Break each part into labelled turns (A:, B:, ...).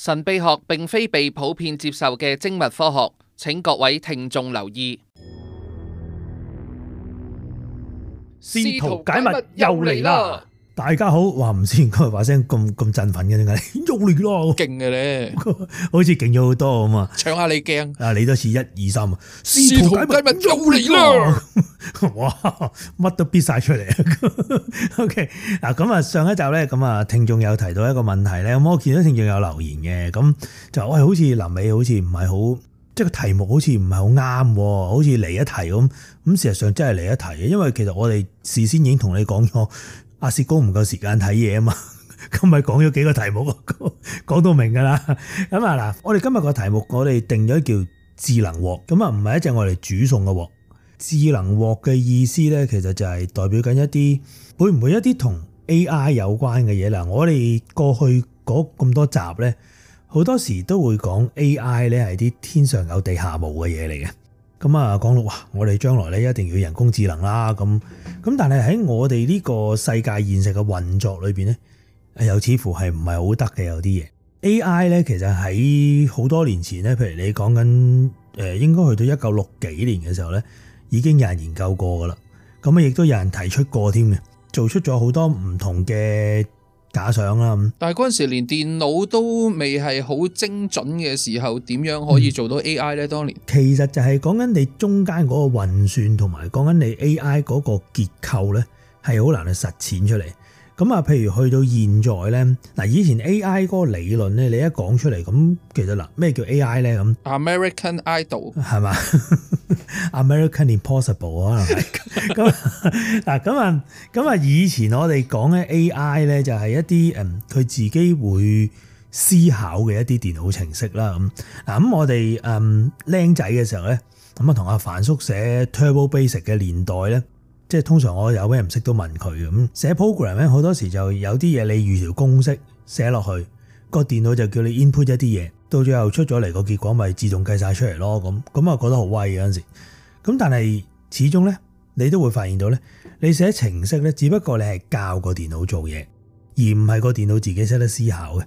A: 神祕學並非被普遍接受嘅精密科學，請各位聽眾留意。
B: 試圖解密又嚟啦！大家好，話唔先，今日把聲咁咁振奮嘅，解 了？用力咯，勁嘅咧，好似勁咗好多咁啊！搶下你驚，啊你都似一二三啊！試圖解密用力啦，哇，乜 都必晒出嚟啊 ！OK，嗱咁啊，上一集咧，咁啊，聽眾有提到一個問題咧，咁我見到聽眾有留言嘅，咁就喂，好似臨尾，好似唔係好，即係個題目好似唔係好啱，好似嚟一題咁，咁事實上真係嚟一題嘅，因為其實我哋事先已經同你講咗。阿薛哥唔夠時間睇嘢啊嘛，今日講咗幾個題目，講到明㗎啦。咁啊嗱，我哋今日個題目我哋定咗叫智能鑊，咁啊唔係一隻我哋煮餸嘅鑊。智能鑊嘅意思咧，其實就係代表緊一啲會唔會一啲同 AI 有關嘅嘢啦。我哋過去嗰咁多集咧，好多時都會講 AI 咧係啲天上有地下冇嘅嘢嚟嘅。咁啊，講到哇，我哋將來咧一定要人工智能啦。咁咁，但係喺我哋呢個世界現實嘅運作裏面，咧，又似乎係唔係好得嘅有啲嘢。AI 咧，其實喺好多年前咧，譬如你講緊誒，應該去到一九六幾年嘅時候咧，已經有人研究過噶啦。咁啊，亦都有人提出過添嘅，做出咗好多唔同嘅。假想啦，
A: 但係陣時連電腦都未係好精準嘅時候，點樣可以做到 AI 咧？當年
B: 其實就係講緊你中間個運算，同埋講緊你 AI 個結構咧，係好難去實踐出嚟。咁啊，譬如去到現在咧，嗱以前 A.I. 嗰個理論咧，你一講出嚟，咁其實嗱，咩叫 A.I. 咧咁
A: ？American Idol 係
B: 嘛？American Impossible 係咁啊嗱，咁啊咁啊，以前我哋講嘅 A.I. 咧就係一啲嗯佢自己會思考嘅一啲電腦程式啦咁嗱，咁我哋嗯靚仔嘅時候咧，咁啊同阿樊叔寫 Turbo Basic 嘅年代咧。即係通常我有咩唔識都問佢咁寫 program 咧，好多時就有啲嘢你預條公式寫落去個電腦就叫你 input 一啲嘢，到最後出咗嚟個結果咪自動計晒出嚟咯。咁咁啊覺得好威嗰陣時。咁但係始終咧你都會發現到咧，你寫程式咧，只不過你係教個電腦做嘢，而唔係個電腦自己識得思考嘅。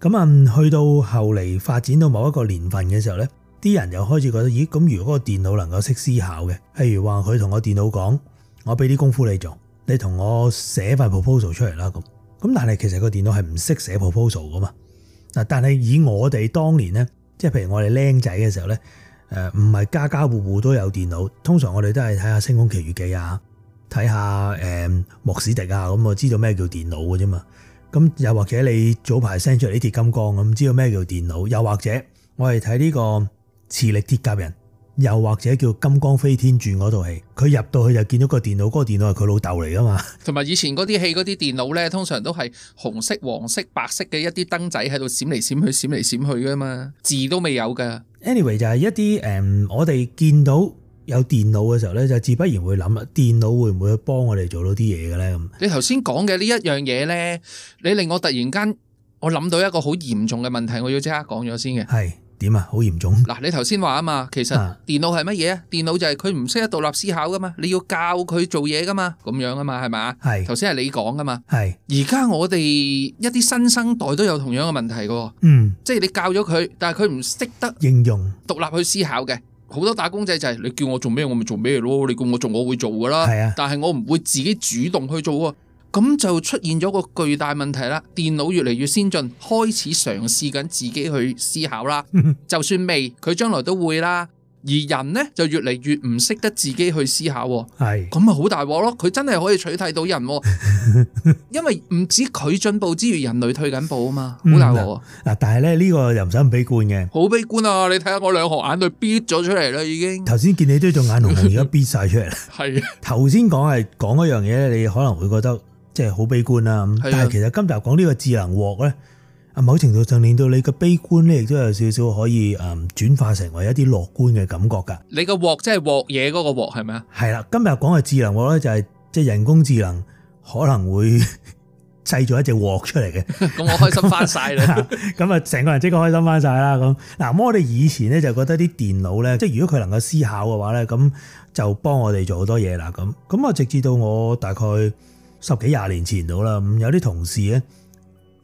B: 咁、嗯、啊去到後嚟發展到某一個年份嘅時候咧，啲人又開始覺得咦咁、哎？如果個電腦能夠識思考嘅，譬如話佢同個電腦講。我俾啲功夫你做，你同我寫塊 proposal 出嚟啦。咁咁，但係其實個電腦係唔識寫 proposal 噶嘛。嗱，但係以我哋當年咧，即係譬如我哋僆仔嘅時候咧，誒唔係家家戶戶都有電腦，通常我哋都係睇下《星空奇遇記》啊，睇下誒《莫史迪》啊，咁我知道咩叫電腦嘅啫嘛。咁又或者你早排 send 出嚟啲《鐵金剛》，咁知道咩叫電腦？又或者我係睇呢個磁力鐵甲人。又或者叫《金光飛天傳》嗰套戲，佢入到去就見到電腦，那個電腦，嗰個電腦係佢老豆嚟噶嘛。
A: 同埋以前嗰啲戲嗰啲電腦呢，通常都係紅色、黃色、白色嘅一啲燈仔喺度閃嚟閃去，閃嚟閃去噶嘛，字都未有噶。
B: Anyway，就係一啲誒、嗯，我哋見到有電腦嘅時候呢，就自不然會諗啦，電腦會唔會幫我哋做到啲嘢嘅呢？
A: 你頭先講嘅呢一樣嘢呢，你令我突然間我諗到一個好嚴重嘅問題，我要即刻講咗先嘅。係。
B: 點啊，好嚴重！
A: 嗱，你頭先話啊嘛，其實電腦係乜嘢啊？電腦就係佢唔識得獨立思考噶嘛，你要教佢做嘢噶嘛，咁樣噶嘛，係咪啊？係頭先係你講噶嘛？係而家我哋一啲新生代都有同樣嘅問題噶，嗯，即係你教咗佢，但係佢唔識得應用獨立去思考嘅，好、嗯、多打工仔就係你叫我做咩，我咪做咩咯，你叫我做我會做噶啦，係啊，但係我唔會自己主動去做。咁就出現咗個巨大問題啦！電腦越嚟越先進，開始嘗試緊自己去思考啦。就算未，佢將來都會啦。而人呢，就越嚟越唔識得自己去思考，係咁咪好大鑊咯！佢真係可以取替到人， 因為唔止佢進步之餘，人類退緊步啊嘛，好大鑊
B: 喎。嗱、嗯，但係咧呢個又唔使咁悲觀嘅，
A: 好悲觀啊！你睇下我兩行眼淚憋咗出嚟啦，已經
B: 頭先見你都仲眼紅紅，而家憋晒出嚟。係頭先講係講一樣嘢你可能會覺得。即係好悲觀啦，但係其實今集講呢個智能鑊咧，啊，某程度上令到你嘅悲觀咧，亦都有少少可以誒轉化成為一啲樂觀嘅感覺噶。你
A: 個鑊即係鑊嘢嗰個鑊係咪啊？
B: 係啦，今日講嘅智能鑊咧就係即係人工智能可能會製 造一隻鑊出嚟嘅。咁 我開心翻晒，啦，咁啊成個人即刻開心翻晒啦。咁嗱，我哋以前咧就覺得啲電腦咧，即係如果佢能夠思考嘅話咧，咁就幫我哋做好多嘢啦。咁咁啊，直至到我大概。十幾廿年前到啦，咁有啲同事咧，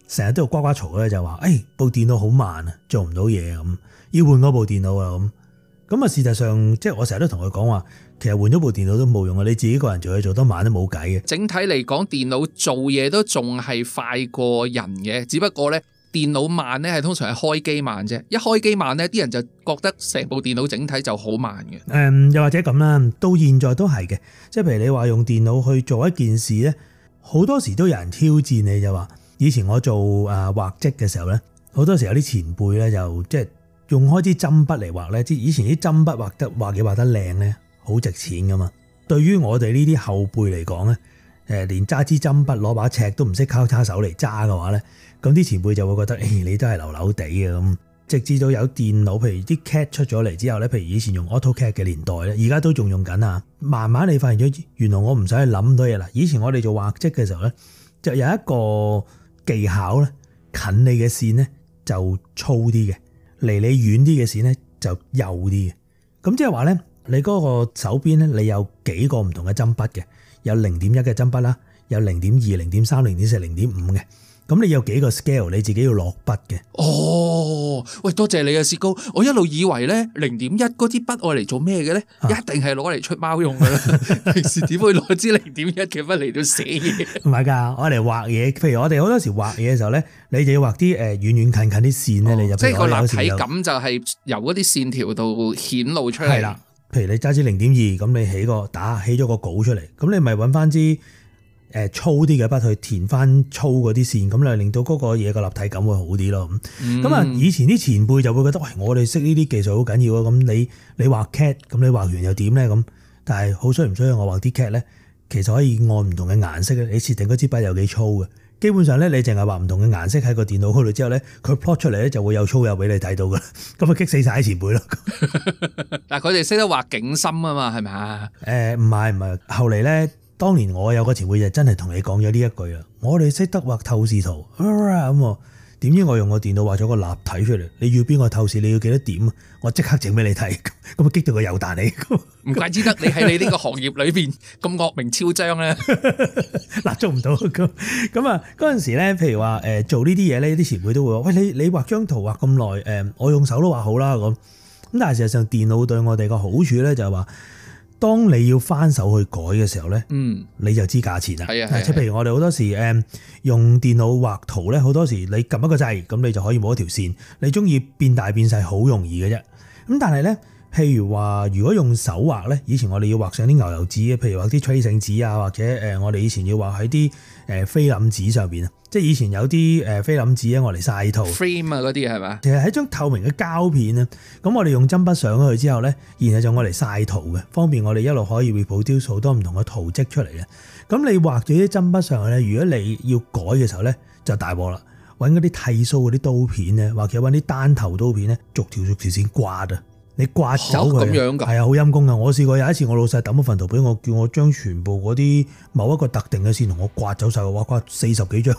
B: 成日都有呱呱嘈嘅就話：誒、哎、部電腦好慢啊，做唔到嘢咁，要換多部電腦啊咁。咁啊，事實上即係我成日都同佢講話，其實換咗部電腦都冇用啊，你自己個人做嘢做得慢都冇計嘅。
A: 整體嚟講，電腦做嘢都仲係快過人嘅，只不過咧。電腦慢咧，係通常係開機慢啫。一開機慢咧，啲人就覺得成部電腦整體就好慢嘅。
B: 誒、嗯，又或者咁啦，到現在都係嘅。即係譬如你話用電腦去做一件事咧，好多時都有人挑戰你，就話、是、以前我做誒、啊、畫則嘅時候咧，好多時候有啲前輩咧就即係用開支針筆嚟畫咧，即係以前啲針筆畫得畫幾畫得靚咧，好值錢㗎嘛。對於我哋呢啲後輩嚟講咧。誒連揸支針筆攞把尺都唔識交叉手嚟揸嘅話咧，咁啲前輩就會覺得誒、哎、你都係流流地嘅咁。直至到有電腦，譬如啲 CAD 出咗嚟之後咧，譬如以前用 AutoCAD 嘅年代咧，而家都仲用緊啊。慢慢你發現咗，原來我唔使去諗多嘢啦。以前我哋做畫質嘅時候咧，就有一個技巧咧，近你嘅線咧就粗啲嘅，離你遠啲嘅線咧就幼啲嘅。咁即係話咧，你嗰個手邊咧，你有幾個唔同嘅針筆嘅。有零點一嘅針筆啦，有零點二、零點三、零點四、零點五嘅。咁你有幾個 scale，你自己要落筆嘅。哦，
A: 喂，多謝你啊，雪糕。我一路以為咧，零點一嗰啲筆我嚟做咩嘅咧？一定係攞嚟出貓用嘅啦。 平時點會攞支零點一嘅筆嚟到寫？
B: 唔係噶，我嚟畫嘢。譬如我哋好多時畫嘢嘅時候咧，你就要畫啲誒遠遠近近啲線咧。哦、你即係個立體感
A: 就係由嗰啲線條度顯露出嚟。係啦。
B: 譬如你揸支零點二，咁你起個打起咗個稿出嚟，咁你咪揾翻支誒粗啲嘅筆去填翻粗嗰啲線，咁嚟令到嗰個嘢個立體感會好啲咯。咁咁啊，以前啲前輩就會覺得，喂，我哋識呢啲技術好緊要啊。咁你你畫 cat，咁你畫完又點咧？咁但係好需唔需要我畫啲 cat 咧？其實可以按唔同嘅顏色咧，你設定嗰支筆有幾粗嘅。基本上咧，你淨係話唔同嘅顏色喺個電腦嗰度之後咧，佢 plot 出嚟咧就會有粗有俾你睇到嘅，咁咪激死晒啲前輩咯 。
A: 但係佢哋識得畫景深啊嘛，係咪啊？
B: 誒唔係唔係，後嚟咧，當年我有個前輩就真係同你講咗呢一句啦。我哋識得畫透視圖 a l l r i h tall right 我。啊啊啊點知我用個電腦畫咗個立體出嚟。你要邊個透視？你要幾多點啊？我即刻整俾你睇，咁咪激到佢又彈你。唔怪之得你喺你呢個行
A: 業裏邊咁惡名昭彰咧、啊 ，
B: 立做唔到咁咁啊！嗰陣時咧，譬如話誒做呢啲嘢咧，啲前輩都會話：喂，你你畫張圖畫咁耐，誒我用手都畫好啦咁。咁但係事實上電腦對我哋個好處咧就係、是、話。當你要翻手去改嘅時候咧，嗯，你就知價錢啦。即譬如我哋好多時誒用電腦畫圖咧，好多時你撳一個掣，咁你就可以摸一條線。你中意變大變細好容易嘅啫。咁但係咧，譬如話如果用手畫咧，以前我哋要畫上啲牛油紙啊，譬如話啲吹繩紙啊，或者誒我哋以前要畫喺啲誒菲林紙上邊。啊。即係以前有啲誒菲林紙咧，我嚟曬圖。frame 啊，嗰啲係咪？其實係張透明嘅膠片，咁我哋用針筆上咗去之後咧，然後就我嚟曬圖嘅，方便我哋一路可以 reproduce 雕數多唔同嘅圖蹟出嚟，咁你畫咗啲針筆上去咧，如果你要改嘅時候咧，就大鑊啦，揾嗰啲剃鬚嗰啲刀片咧，或者揾啲單頭刀片咧，逐條逐條先刮啊。你刮走佢，係啊，好陰功啊。我試過有一次，我老細抌咗份圖俾我，叫我將全部嗰啲某一個特定嘅線同我刮走晒，我刮四十幾張，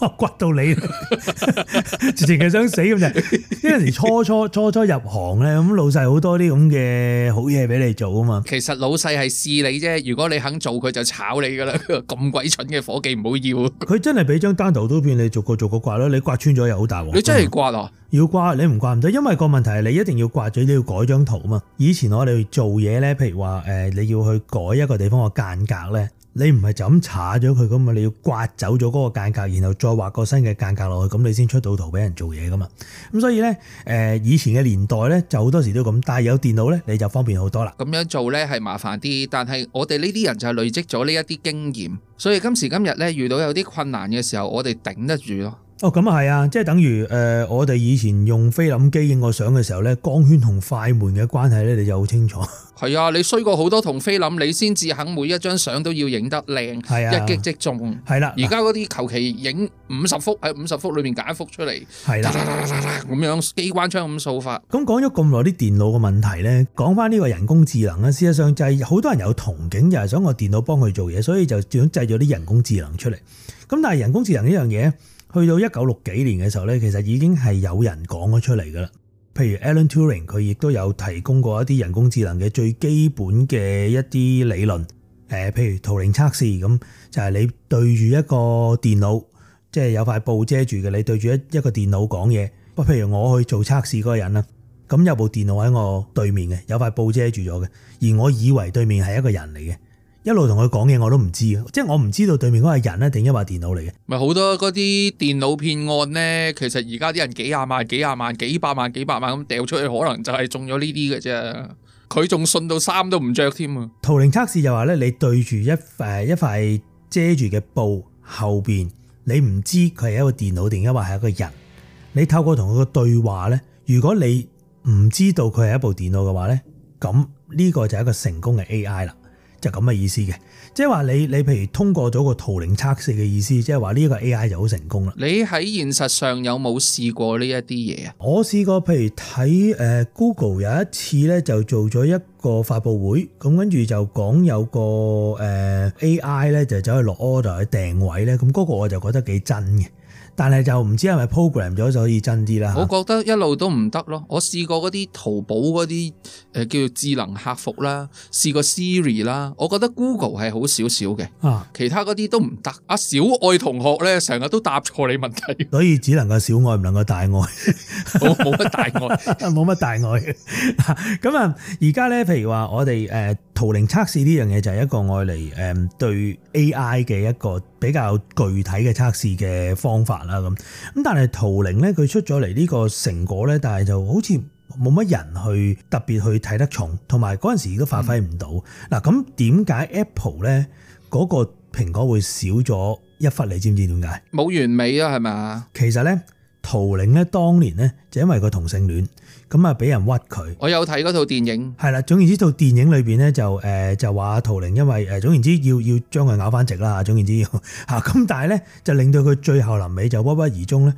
B: 我刮到你直情係想死咁就，因為初初初初入行咧，咁老細好多啲咁嘅好嘢，俾你做啊嘛。
A: 其實老細係試你啫，如果你肯做佢就炒你噶啦，咁鬼蠢嘅伙計唔好要。
B: 佢真係俾張單圖刀片你逐個逐個刮啦，你刮穿咗又好大鑊。你真係刮啊！要刮你唔刮唔得，因為個問題係你一定要刮咗，你要改張圖啊嘛。以前我哋做嘢咧，譬如話誒、呃、你要去改一個地方個間隔咧，你唔係就咁查咗佢咁嘛，你要刮走咗嗰個間隔，然後再畫個新嘅間隔落去，咁你先出到圖俾人做嘢噶嘛。咁所以咧誒、呃、以前嘅年代咧就好多時都咁，但係有電腦咧你就方便好多啦。
A: 咁樣做咧係麻煩啲，但係我哋呢啲人就累積咗呢一啲經驗，所以今時今日咧遇到有啲困難嘅時候，我哋頂得住咯。
B: 哦，咁啊係啊，即係等於誒、呃，我哋以前用菲林機影個相嘅時候咧，光圈同快門嘅關係咧，你就好清楚。
A: 係啊，你衰過好多筒菲林，你先至肯每一張相都要影得靚，係、啊、一擊即中。係啦、啊，而家嗰啲求其影五十幅喺五十幅裏面揀一幅出嚟，係啦，咁樣機關槍咁掃法。
B: 咁講咗咁耐啲電腦嘅問題咧，講翻呢個人工智能啊。事實上就係好多人有同景又係、就是、想我電腦幫佢做嘢，所以就想製咗啲人工智能出嚟。咁但係人工智能呢樣嘢？去到一九六幾年嘅時候咧，其實已經係有人講咗出嚟㗎喇。譬如 Alan Turing，佢亦都有提供過一啲人工智能嘅最基本嘅一啲理論。呃，譬如圖靈測試咁，就係你對住一個電腦，即係有塊布遮住嘅，你對住一一個電腦講嘢。不，譬如我去做測試嗰個人啦，咁有部電腦喺我對面嘅，有塊布遮住咗嘅，而我以為對面係一個人嚟嘅。一路同佢講嘢，我都唔知即係我唔知道對面嗰係人咧定抑或電腦嚟
A: 嘅。咪好多嗰啲電腦騙案呢，其實而家啲人幾廿萬、幾廿萬、幾百萬、幾百萬咁掉出去，可能就係中咗呢啲嘅啫。佢仲信到衫都唔著添啊！
B: 圖靈測試就話咧，你對住一塊一塊遮住嘅布後邊，你唔知佢係一個電腦定抑或係一個人。你透過同佢嘅對話呢，如果你唔知道佢係一部電腦嘅話呢，咁呢個就係一個成功嘅 AI 啦。就咁嘅意思嘅，即係話你你譬如通過咗個圖靈測試嘅意思，即係話呢個 AI 就好成功啦。
A: 你喺現實上有冇試過呢一啲嘢啊？
B: 我試過，譬如睇誒 Google 有一次咧就做咗一個發布會，咁跟住就講有個誒 AI 咧就走去落 order 去定位咧，咁嗰個我就覺得幾真嘅。但係就唔知係咪 program 咗，所以真啲啦。我
A: 覺得一路都唔得咯。我試過嗰啲淘寶嗰啲誒，叫做智能客服啦，試過 Siri 啦，我覺得 Google 係好少少嘅。啊，其他嗰啲都唔得。阿小愛同學咧，成日都答錯你問題，
B: 所以只能夠小愛唔能夠大愛。冇 乜大愛，冇乜大愛。咁啊， 而家咧，譬如話我哋誒。圖靈測試呢樣嘢就係一個用嚟誒對 AI 嘅一個比較具體嘅測試嘅方法啦，咁咁，但係圖靈咧，佢出咗嚟呢個成果咧，但係就好似冇乜人去特別去睇得重，同埋嗰陣時都發揮唔到。嗱，咁點解 Apple 咧，嗰個蘋果會少咗一忽？你知唔知點解？
A: 冇完美啊，係咪？
B: 其實咧，圖靈咧，當年咧就因為個同性戀。咁啊，俾人屈佢。我
A: 有睇嗰套電影，
B: 係啦。總言之，套電影裏面咧就、呃、就話圖靈，因為誒總言之要要將佢咬返直啦。總言之要嚇咁，但係咧就令到佢最後臨尾就鬱鬱而終咧，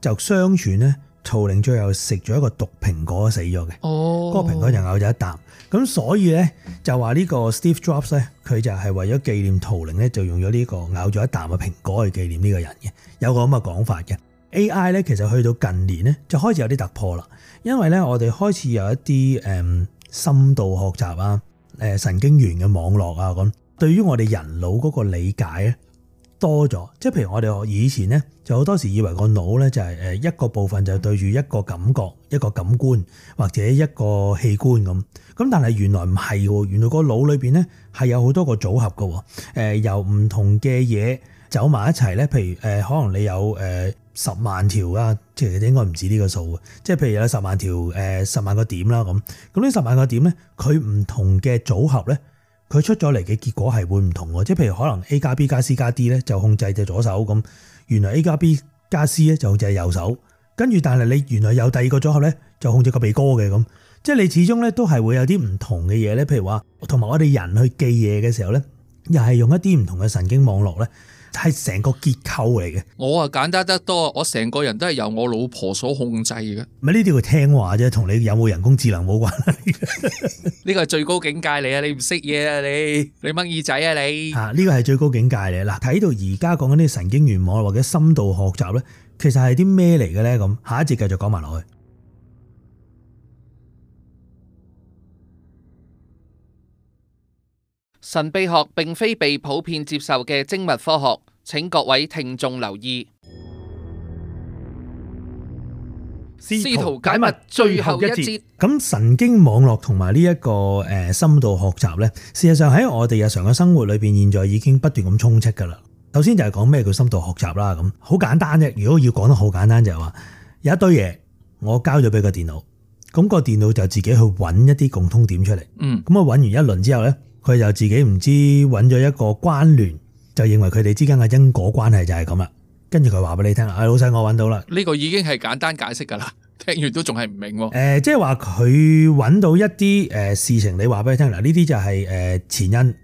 B: 就相傳咧圖靈最後食咗一個毒蘋果死咗嘅。哦，
A: 嗰個蘋果就
B: 咬咗一啖。咁所以咧就話呢個 Steve Jobs 咧，佢就係為咗紀念圖靈咧，就用咗呢個咬咗一啖嘅蘋果去紀念呢個人嘅，有個咁嘅講法嘅。A.I. 咧其實去到近年咧就開始有啲突破啦，因為咧我哋開始有一啲誒深度學習啊、誒神經元嘅網絡啊咁，對於我哋人腦嗰個理解咧多咗。即係譬如我哋以前咧就好多時以為個腦咧就係誒一個部分就對住一個感覺、一個感官或者一個器官咁。咁但係原來唔係，原來個腦裏邊咧係有好多個組合嘅。誒由唔同嘅嘢走埋一齊咧，譬如誒可能你有誒。十萬條啊，其實應該唔止呢個數嘅，即係譬如有十萬條，誒、呃、十萬個點啦咁。咁呢十萬個點咧，佢唔同嘅組合咧，佢出咗嚟嘅結果係會唔同嘅。即係譬如可能 A 加 B 加 C 加 D 咧就控制隻左手咁，原來 A 加 B 加 C 咧就控制右手。跟住但係你原來有第二個組合咧就控制個鼻哥嘅咁。即係你始終咧都係會有啲唔同嘅嘢咧，譬如話同埋我哋人去記嘢嘅時候咧，又係用一啲唔同嘅神經網絡咧。係成個結構嚟嘅，
A: 我啊，簡單得多，我成個人都係由我老婆所控制嘅。
B: 唔係呢啲條聽話啫，同你有冇人工智能冇關。
A: 呢個係最高境界嚟啊！你唔識嘢啊你，你掹耳仔啊你。啊，
B: 呢個係最高境界嚟嗱，睇到而家講緊啲神經元網或者深度學習咧，其實係啲咩嚟嘅咧？咁下一節繼續講埋落去。
A: 神秘學並非被普遍接受嘅精密科學，請各位聽眾留意。試圖解密最後一節。
B: 咁神經網絡同埋呢一個誒深度學習呢，事實上喺我哋日常嘅生活裏邊，現在已經不斷咁充斥噶啦。頭先就係講咩叫深度學習啦，咁好簡單啫。如果要講得好簡單，就係話有一堆嘢我交咗俾個電腦，咁個電腦就自己去揾一啲共通點出嚟。嗯，咁啊揾完一輪之後呢，佢就自己唔知揾咗一個關聯，就認為佢哋之間嘅因果關係就係咁啦。跟住佢話俾你聽啦，啊老細，我揾到啦！
A: 呢個已經係簡單解釋噶啦，聽完都仲係唔明喎、
B: 呃。即係話佢揾到一啲事情，你話俾佢聽呢啲就係前因，呢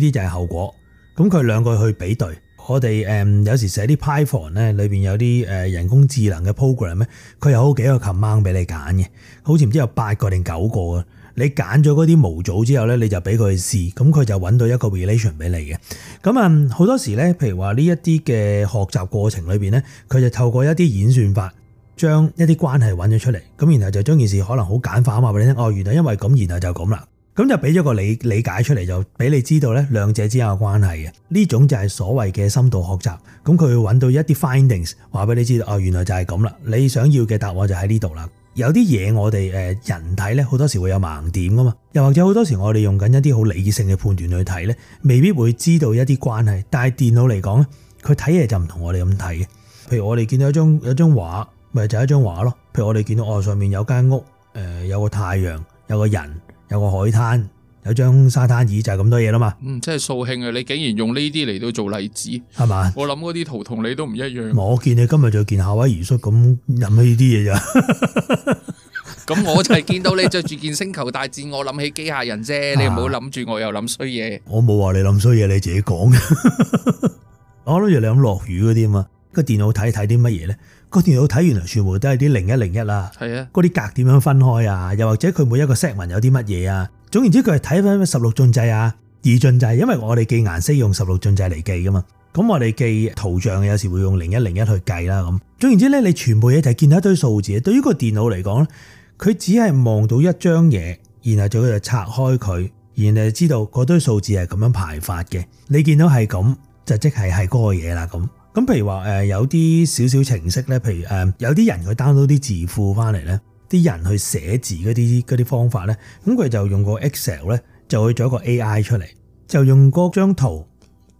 B: 啲就係後果。咁佢兩個去比對。我哋誒有時寫啲 Python 咧，裏面有啲人工智能嘅 program 咧，佢有好幾個 command 俾你揀嘅，好似唔知有八個定九個你揀咗嗰啲模組之後咧，你就俾佢試，咁佢就揾到一個 relation 俾你嘅。咁啊好多時咧，譬如話呢一啲嘅學習過程裏邊咧，佢就透過一啲演算法，將一啲關係揾咗出嚟。咁然後就將件事可能好簡化話俾你聽，哦，原來因為咁，然後就咁啦。咁就俾咗個理理解出嚟，就俾你知道咧兩者之間嘅關係嘅。呢種就係所謂嘅深度學習。咁佢揾到一啲 findings，話俾你知道，哦，原來就係咁啦。你想要嘅答案就喺呢度啦。有啲嘢我哋人睇咧，好多時會有盲點噶嘛，又或者好多時我哋用緊一啲好理性嘅判斷去睇咧，未必會知道一啲關係。但係電腦嚟講咧，佢睇嘢就唔同我哋咁睇嘅。譬如我哋見到一張有張畫，咪就係、是、一張畫咯。譬如我哋見到外面有間屋，誒有個太陽，有個人，有個海灘。有張沙灘椅就係咁多嘢啦嘛，嗯，
A: 即係掃興啊！你竟然用呢啲嚟到做例子，係嘛？我諗嗰啲圖同你都唔一樣。我
B: 見你今日就見夏威夷叔咁飲呢啲嘢咋？
A: 咁我就係見到你着住件星球大戰，我諗起機械人啫。你唔好諗住我又諗衰嘢。
B: 我冇話你諗衰嘢，你自己講。我諗住你諗落雨嗰啲啊嘛。個電腦睇睇啲乜嘢咧？個電腦睇完啊，全部都係啲零一零一啦。係啊，嗰啲格點樣分開啊？又或者佢每一個 set 文有啲乜嘢啊？總言之，佢係睇翻十六進制啊，二進制，因為我哋記顏色用十六進制嚟記噶嘛，咁我哋記圖像有時會用零一零一去計啦咁。總言之咧，你全部嘢就係見到一堆數字，對於個電腦嚟講咧，佢只係望到一張嘢，然後就佢就拆開佢，然後就知道嗰堆數字係咁樣排法嘅。你見到係咁，就即係係嗰個嘢啦咁。咁譬如話誒，有啲少少程式咧，譬如誒，有啲人佢 download 啲字庫翻嚟咧。啲人去寫字嗰啲嗰啲方法咧，咁佢就用個 Excel 咧，就去做個 AI 出嚟，就用嗰張圖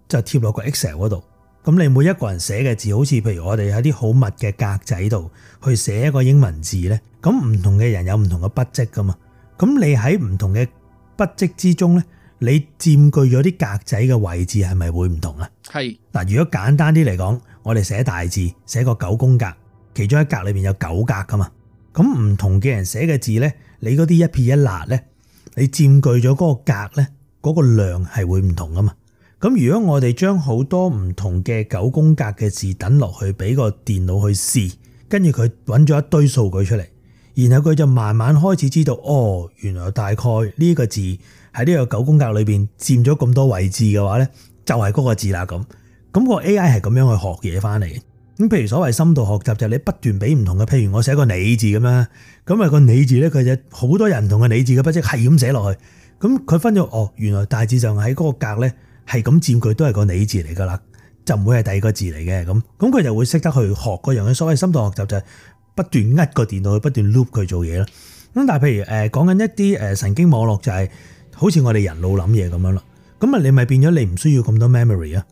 B: 就貼落個 Excel 嗰度。咁你每一個人寫嘅字，好似譬如我哋喺啲好密嘅格仔度去寫一個英文字咧，咁唔同嘅人有唔同嘅筆跡噶嘛。咁你喺唔同嘅筆跡之中咧，你佔據咗啲格仔嘅位置係咪會唔同啊？係嗱是，如果簡單啲嚟講，我哋寫大字寫個九宮格，其中一格裏面有九格噶嘛。咁唔同嘅人寫嘅字咧，你嗰啲一撇一捺咧，你佔據咗嗰個格咧，嗰個量係會唔同噶嘛？咁如果我哋將好多唔同嘅九宮格嘅字等落去，俾個電腦去試，跟住佢揾咗一堆數據出嚟，然後佢就慢慢開始知道哦，原來大概呢個字喺呢個九宮格裏邊佔咗咁多位置嘅話咧，就係嗰個字啦咁。咁個 AI 係咁樣去學嘢翻嚟。咁譬如所謂深度學習就係、是、你不斷俾唔同嘅，譬如我寫個你字咁啊，咁、那、啊個你字咧佢就好多人同嘅你字嘅筆跡係咁寫落去，咁佢分咗哦，原來大致上喺嗰個格咧係咁佔據都係、那個你字嚟噶啦，就唔會係第二個字嚟嘅咁，咁佢就會識得去學嗰樣嘢。所謂深度學習就係、是、不斷呃個電腦去不斷 loop 佢做嘢咯。咁但係譬如誒、呃、講緊一啲誒神經網絡就係、是、好似我哋人腦諗嘢咁樣啦，咁啊你咪變咗你唔需要咁多 memory 啊。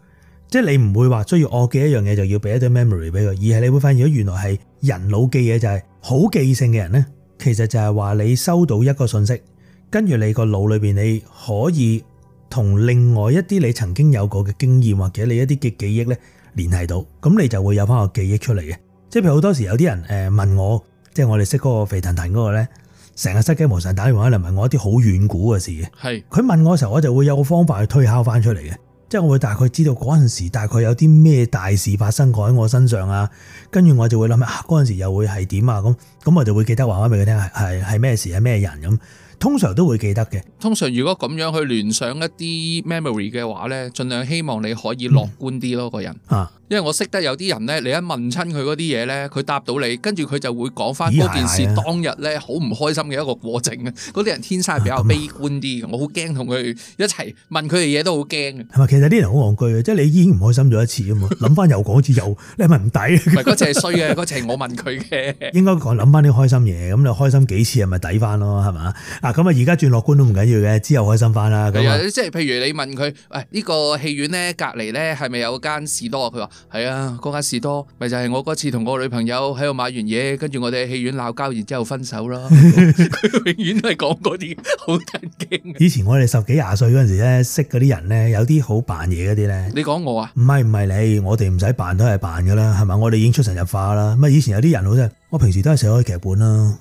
B: 即係你唔會話需要我記一樣嘢就要俾一堆 memory 俾佢，而係你會發現原來係人腦記嘢就係、是、好記性嘅人咧，其實就係話你收到一個信息，跟住你個腦裏邊，你可以同另外一啲你曾經有過嘅經驗或者你一啲嘅記憶咧聯繫到，咁你就會有翻個記憶出嚟嘅。即係譬如好多時有啲人誒問我，即係我哋識嗰個肥騰騰嗰、那個咧，成日失驚無神打電話嚟問我一啲好遠古嘅事嘅，係佢是問我時候，我就會有個方法去推敲翻出嚟嘅。即係我會大概知道嗰陣時大概有啲咩大事發生過喺我身上啊，跟住我就會諗下啊嗰陣時又會係點啊，咁，咁我就會記得話翻俾佢聽係係咩事係咩人咁。通常都會記得嘅。
A: 通常如果咁樣去聯想一啲 memory 嘅話咧，盡量希望你可以樂觀啲咯，個人、嗯。啊，因為我識得有啲人咧，你一問親佢嗰啲嘢咧，佢答到你，跟住佢就會講翻嗰件事當日咧好唔開心嘅一個過程啊。嗰啲人天生係比較悲觀啲，啊啊、我好驚同佢一齊問佢嘅嘢都好驚。
B: 其實啲人好戇居嘅，即係你已經唔開心咗一次啊嘛，諗翻 又講一次又，你係咪唔抵啊？嗰隻衰嘅，嗰
A: 隻係我問佢嘅。
B: 應該講諗翻啲開心嘢，咁你開心幾次啊，係咪抵翻咯，係嘛？嗱，咁啊，而家轉樂觀都唔緊要嘅，之後開心翻啦。咁樣即
A: 係，譬如你問佢：喂，呢個戲院咧，隔籬咧係咪有間士多？佢話係啊，嗰間士多咪就係、是、我嗰次同我女朋友喺度買完嘢，跟住我哋喺戲院鬧交，然之後，後分手啦。佢 永遠都係講嗰啲
B: 好震驚嘅。 以前我哋十幾廿歲嗰陣時咧，識嗰啲人咧，有啲好扮嘢嗰啲咧。你講我啊？唔係唔係你，我哋唔使扮都係扮噶啦，係咪？我哋已經出神入化啦。咁啊，以前有啲人好真，我平時都係寫開劇本啦，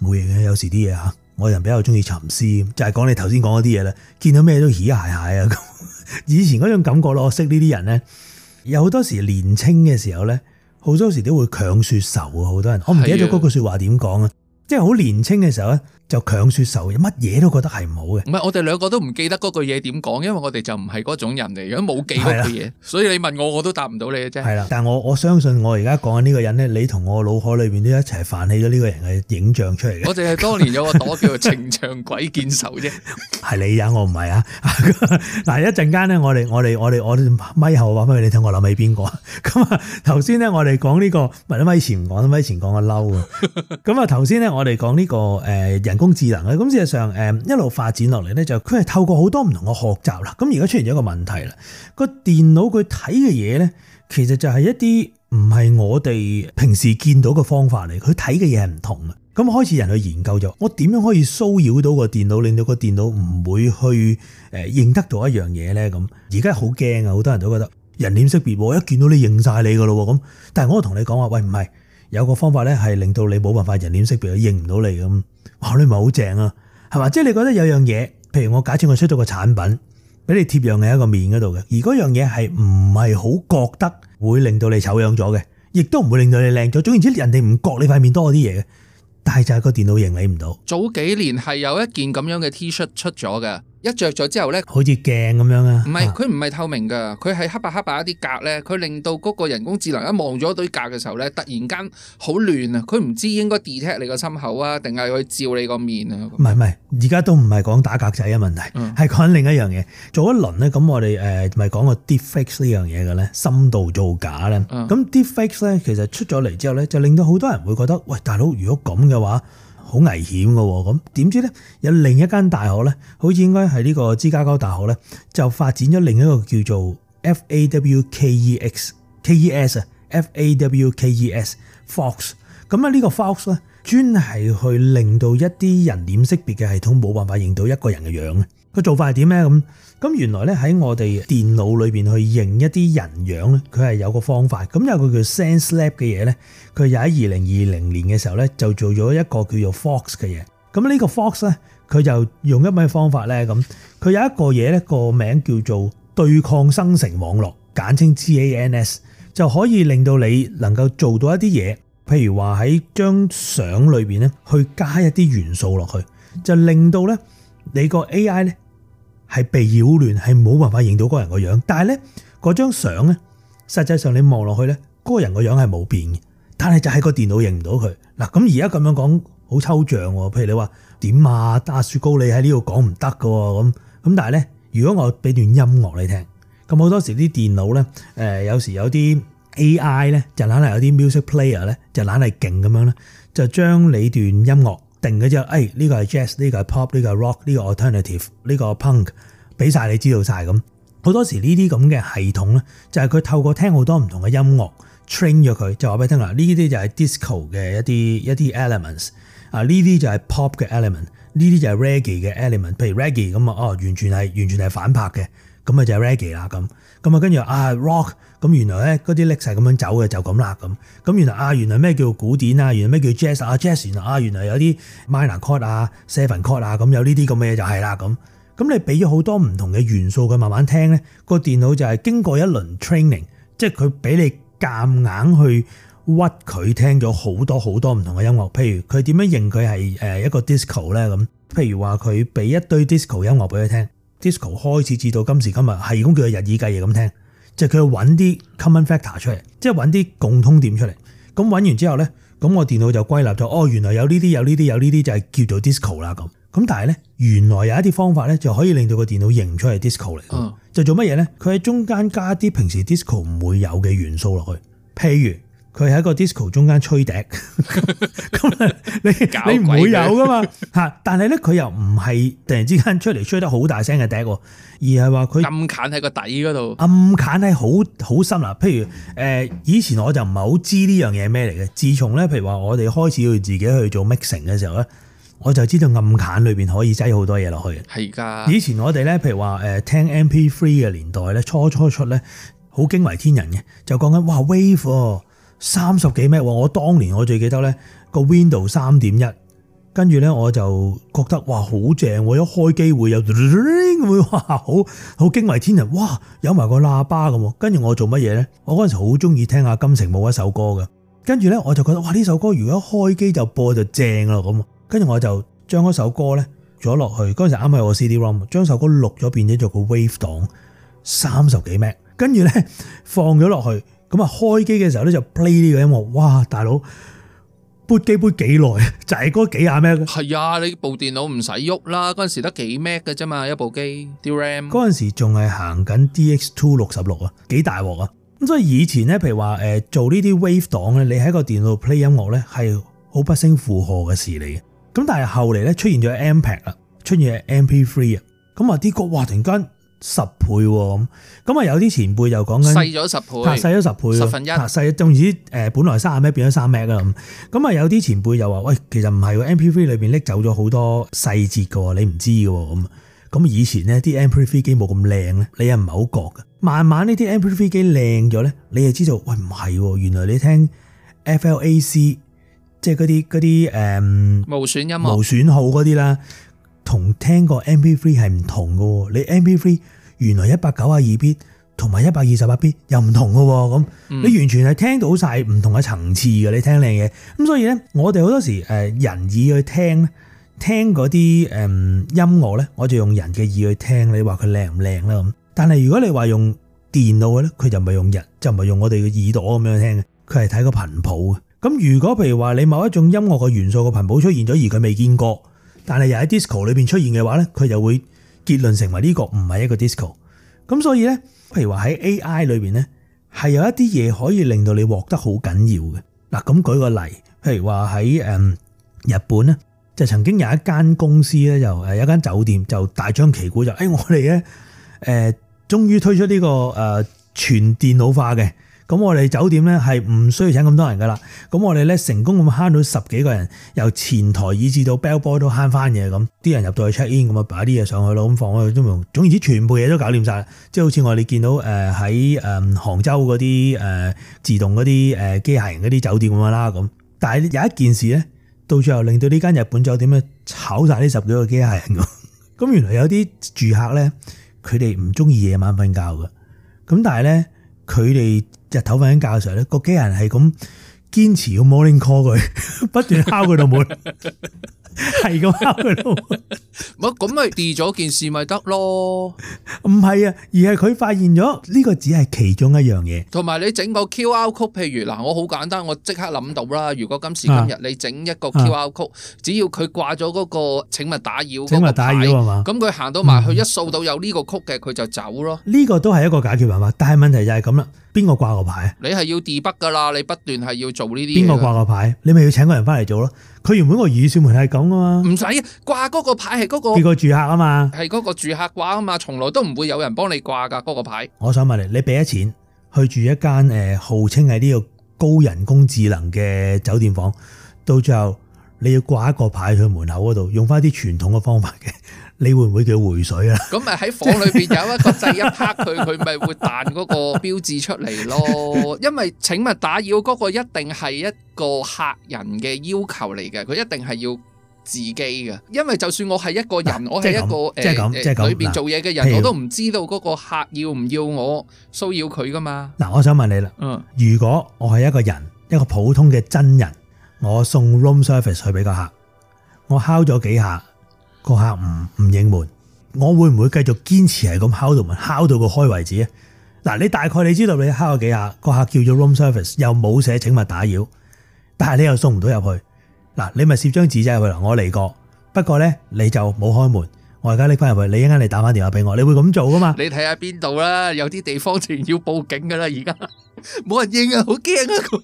B: 冇嘢嘅。有時啲嘢吓。我人比較中意沉思，就係、是、講你頭先講嗰啲嘢咧，見到咩都起下下啊！以前嗰種感覺咯，我識呢啲人咧，有好多時年青嘅時候咧，好多時都會強説愁啊！好多人，我唔記得咗嗰句説話點講啊，是的 即係好年青嘅時候咧。就強説愁乜嘢都覺得係唔好嘅。
A: 唔係，我哋兩個都唔記得嗰句嘢點講，因為我哋就唔係嗰種人嚟，如果冇記得嗰句嘢，所以你問我我都答唔到你嘅啫。係啦，
B: 但係我我相信我而家講緊呢個人咧，你同我腦海裏邊都一齊泛起咗呢個人嘅影像出嚟嘅。我哋係當年有個朵叫做「情場鬼見愁」啫。係你呀，我唔係啊。嗱，一陣間咧，我哋我哋我哋我咪後話翻俾你聽，我諗起邊個？咁啊頭先咧，我哋講呢個，唔好咪前唔講，咪前講個嬲啊。咁啊頭先咧，我哋講呢個誒人。工智能咁事實上，誒一路發展落嚟咧，就佢係透過好多唔同嘅學習啦。咁而家出現咗一個問題啦，個電腦佢睇嘅嘢咧，其實就係一啲唔係我哋平時見到嘅方法嚟，佢睇嘅嘢係唔同啊。咁開始人去研究咗，我點樣可以騷擾到個電腦，令到個電腦唔會去誒認得到一樣嘢咧？咁而家好驚啊！好多人都覺得人臉識別，我一見到你認晒你噶咯咁。但係我同你講話，喂，唔係。有個方法咧，係令到你冇辦法人臉識別，認唔到你咁。哇！你咪好正啊，係嘛？即係你覺得有樣嘢，譬如我假設我出咗個產品，俾你貼樣嘢喺個面嗰度嘅，而嗰樣嘢係唔係好覺得會令到你醜樣咗嘅，亦都唔會令到你靚咗。總言之，人哋唔覺你塊面多啲嘢嘅，但係就係個電腦認你唔到。
A: 早幾年係有一件咁樣嘅 T 恤出咗嘅。一着咗之後
B: 咧，好似鏡咁樣啊！唔係，佢
A: 唔係透明噶，佢係黑白黑白一啲格咧。佢令到嗰個人工智能一望咗對格嘅時候咧，突然間好亂啊！佢唔知應該 detect 你個心口啊，定係去照你個面啊？唔
B: 係唔係，而家都唔係講打格仔嘅問題，係講、嗯、另一樣嘢。做一輪咧，咁我哋誒咪講個 Deepfake 呢樣嘢嘅咧，深度造假咧。咁 Deepfake 呢，咧，其實出咗嚟之後咧，就令到好多人會覺得，喂，大佬，如果咁嘅話。好危險嘅喎，咁點知咧有另一間大學咧，好似應該係呢個芝加哥大學咧，就發展咗另一個叫做 F A W K E, X, K E S、F A W、K E S 啊，F A W K E S Fox，咁呢、呢個 Fox 咧專係去令到一啲人臉識別嘅系統冇辦法認到一個人嘅樣。佢做法係點咧？咁咁原來咧喺我哋電腦裏面去認一啲人樣咧，佢係有個方法。咁有個叫 SenseLab 嘅嘢咧，佢又喺二零二零年嘅時候咧就做咗一個叫做 Fox 嘅嘢。咁、這、呢個 Fox 咧，佢就用一咩方法咧，咁佢有一個嘢，呢個名叫做對抗生成網絡，簡稱 GANs，就可以令到你能夠做到一啲嘢，譬如話喺張相裏面咧去加一啲元素落去，就令到咧。你個 AI 咧係被擾亂，係冇辦法認到個人個樣。但係咧，嗰張相咧，實際上你望落去咧，個、嗰個人個樣係冇變嘅。但係就喺個電腦認唔到佢。嗱，咁而家咁樣講好抽象喎。譬如你話點啊，打、啊、雪糕，你喺呢度講唔得嘅喎。咁咁，但係咧，如果我俾段音樂你聽，咁好多時啲電腦咧，誒有時有啲 AI 咧，就懶係有啲 music player 咧，就懶係勁咁樣咧，就將你段音樂。定嘅就，哎呢、呢個係 jazz，呢個係 pop，呢個 rock，呢個 alternative，呢個 punk，俾曬你知道曬咁。好多時呢啲咁嘅系統咧，就係、是、佢透過聽好多唔同嘅音樂 train 咗佢。就話俾你聽啦，呢啲就係 disco 嘅一啲一啲 elements 啊，呢啲就係 pop 嘅 elements，呢啲就係 reggae 嘅 elements。譬如 reggae 咁、哦、Reg 啊，哦完全係完全係反拍嘅咁啊，就係 reggae 啦咁咁啊，跟住啊 rock。咁原來咧嗰啲歷史係咁樣走嘅，就咁啦，咁，咁原來啊原來咩叫古典啊，原來咩叫，叫 jazz 啊 jazz，原來啊原來有啲 minor chord 啊 seven chord 啊，咁有呢啲咁嘅嘢就係啦咁。咁、嗯、你俾咗好多唔同嘅元素佢慢慢聽咧，個電腦就係經過一輪 training，即係佢俾你夾硬，硬去屈佢聽咗好多好多唔同嘅音樂。譬如佢點樣認佢係一個 disco 咧咁？譬如話佢俾一堆 disco 音樂俾佢聽，disco 開始至到今時今日係咁叫佢日以繼夜咁聽。就佢揾啲 common factor 出嚟，即係揾啲共通點出嚟。咁揾完之後咧，咁我電腦就歸納咗，哦，原來有呢啲，有呢啲，有呢啲就係叫做 disco 啦。咁咁，但係咧，原來有一啲方法咧就可以令到個電腦認唔出係 disco 嚟。就做乜嘢咧？佢喺中間加啲平時 disco 唔會有嘅元素落去，譬如，佢喺個 disco 中間吹笛，咁 你搞鬼你你唔會有噶嘛嚇？但係咧，佢又唔係突然之間出嚟吹得好大聲嘅笛喎。而係話佢暗崁喺個底嗰度。暗崁係好好深啊。譬如誒，以前我就唔係好知呢樣嘢咩嚟嘅。自從咧，譬如話我哋開始要自己去做 mixing 嘅時候咧，我就知道暗崁裏邊可以擠好多嘢落去。係㗎。以前我哋咧，譬如話誒聽 MP3 嘅年代咧，初初出咧，好驚為天人嘅，就講緊哇 wave。哇三十幾 M 喎，我當年我最記得呢個 Window 三點一，跟住呢，我就覺得哇好正，我一開機會有嘟嘟咁樣哇，好好驚為天人哇！有埋個喇叭咁，跟住我做乜嘢呢？我嗰陣時好中意聽下金城武一首歌㗎。跟住呢，我就覺得哇呢首歌如果一開機就播就正啦，咁跟住我就將嗰首歌呢咗落去，嗰陣時啱係我 CD-ROM，將首歌錄咗變咗做個 Wave 檔三十幾 M，跟住呢，放咗落去。咁啊，開機嘅時候咧就 play 呢個音樂，哇！大佬 p 機杯幾耐就係嗰幾廿 Mbps？
A: 係啊，你部電腦唔使喐啦，嗰陣時得幾 Mbps 嘅啫嘛，一部機 d RAM。
B: 嗰陣時仲係行緊 DX2 六十六啊，幾大鑊啊！咁所以以前咧，譬如話誒做呢啲 wave 檔咧，你喺個電腦 play 音樂咧係好不勝負荷嘅事嚟嘅。咁但係後嚟咧出現咗 MP 啊、那個，出現咗 MP3 啊，咁啊啲歌哇突然間十倍咁，咁啊有啲前輩又講緊細咗十倍，啊、細咗十倍，十分一細，總之、啊、本來卅咩變咗三咩啦咁。咁啊有啲前輩又話：喂，其實唔係喎，MP3 裏面拎走咗好多細節噶喎，你唔知噶喎咁。咁以前呢啲 MP3 機冇咁靚咧，你又唔係好覺嘅。慢慢呢啲 MP3 機靚咗咧，你就知道，喂唔係喎，原來你聽 FLAC 即係嗰啲嗰啲誒
A: 無損音樂、無
B: 損號嗰啲啦。聽過 MP 同聽個 MP3 係唔同嘅喎，你 MP3 原來一百九啊二 B 同埋一百二十八 B 又唔同嘅喎，咁你完全係聽到晒唔同嘅層次嘅，你聽靚嘢咁，所以呢，我哋好多時誒人耳去聽咧，聽嗰啲誒音樂呢，我就用人嘅耳去聽，你話佢靚唔靚啦咁。但係如果你話用電腦嘅呢，佢就唔係用人，就唔係用我哋嘅耳朵咁樣聽嘅，佢係睇個頻譜嘅。咁如果譬如話你某一種音樂嘅元素嘅頻譜出現咗，而佢未見過。但係又喺 disco 裏邊出現嘅話咧，佢就會結論成為呢個唔係一個 disco。咁所以咧，譬如話喺 AI 裏邊咧，係有一啲嘢可以令到你獲得好緊要嘅。嗱，咁舉個例，譬如話喺誒日本咧，就曾經有一間公司咧，就有一間酒店，就大張旗鼓就誒我哋咧誒，終於推出呢個誒、呃、全電腦化嘅。咁我哋酒店咧係唔需要請咁多人噶啦，咁我哋咧成功咁慳到十幾個人，由前台以至到 bell boy 都慳翻嘢咁，啲人入到去 check in 咁啊擺啲嘢上去咯，咁放開都唔用，總言之，全部嘢都搞掂曬。即係好似我哋見到誒喺誒杭州嗰啲誒自動嗰啲誒機械人嗰啲酒店咁樣啦咁。但係有一件事咧，到最後令到呢間日本酒店咧炒晒呢十幾個機械人㗎。咁 原來有啲住客咧，佢哋唔中意夜晚瞓覺㗎，咁但係咧佢哋。日頭瞓緊覺嘅時候咧，個機械人係咁堅持要 morning call 佢，不斷敲佢度門。 係咁
A: 咯，唔咁咪避咗件事咪得咯？
B: 唔係啊，而係佢發現咗呢個只係其中一樣嘢。
A: 同埋你整個 QR Code，譬如嗱，我好簡單，我即刻諗到啦。如果今時今日你整一個 QR Code，只要佢掛咗嗰個請勿打擾，請勿打擾係嘛？咁佢行到埋去，一掃到有呢個 Code 嘅，佢就走咯。
B: 呢個都係一個解決辦法，但係問題就係咁啦。邊個掛個牌
A: 啊？你係要 debug 噶啦？你不斷係要做呢啲。邊個掛個
B: 牌？你咪要請個人翻嚟做咯。佢原本個雨雪門係咁噶嘛？唔使
A: 掛嗰個牌係嗰、
B: 嗰個，係個住客啊嘛，
A: 係嗰個住客掛啊嘛，從來都唔會有人幫你掛噶嗰個牌。
B: 我想問你，你俾咗錢去住一間誒，號稱係呢個高人工智能嘅酒店房，到最後你要掛一個牌去門口嗰度，用翻啲傳統嘅方法嘅。你會唔會叫回水啊？
A: 咁咪喺房裏面有一個掣一拍，佢，佢咪會彈嗰個標誌出嚟咯。因為請勿打擾嗰個一定係一個客人嘅要求嚟嘅，佢一定係要自己嘅。因為就算我係一個人，就是、我係一個即係即係裏邊做嘢嘅人，那我都唔知道嗰個客要唔要我騷擾佢噶嘛。
B: 嗱，我想問你啦，嗯，如果我係一個人，一個普通嘅真人，我送 room service 去俾個客，我敲咗幾下。個客唔唔應門，我會唔會繼續堅持係咁敲到門，敲到佢開為止啊？嗱，你大概你知道你敲咗幾下，個客叫咗 room service，又冇寫請勿打擾，但係你又送唔到入去。嗱，你咪攝張紙仔入去啦，我嚟過，不過咧你就冇開門。我而家拎翻入去，你一陣你打翻電話俾我，你會咁做噶嘛？
A: 你睇下邊度啦，有啲地方全要報警噶啦，而家冇人應啊，好驚啊！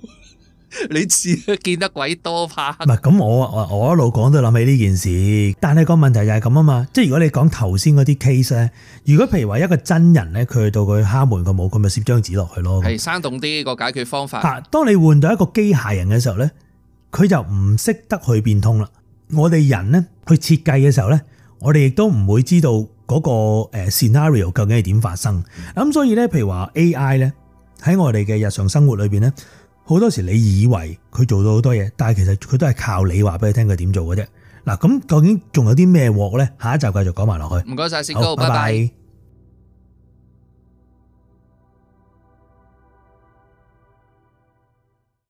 A: 你似 見得鬼多怕？
B: 唔係咁，我我我一路講都諗起呢件事。但係個問題就係咁啊嘛，即係如果你講頭先嗰啲 case 咧，如果譬如話一個真人咧，佢去到佢敲門個冇佢咪攝張紙落去咯。係
A: 生動啲個解決方法。吓，
B: 當你換到一個機械人嘅時候咧，佢就唔識得去變通啦。我哋人咧去設計嘅時候咧，我哋亦都唔會知道嗰個誒 scenario 究竟係點發生。咁所以咧，譬如話 AI 咧喺我哋嘅日常生活裏邊咧。好多時你以為佢做到好多嘢，但其實佢都係靠你話俾佢聽佢點做嘅啫。嗱，咁究竟仲有啲咩鑊呢？下一集繼續講埋落去。唔該晒，先哥，好拜拜，拜拜。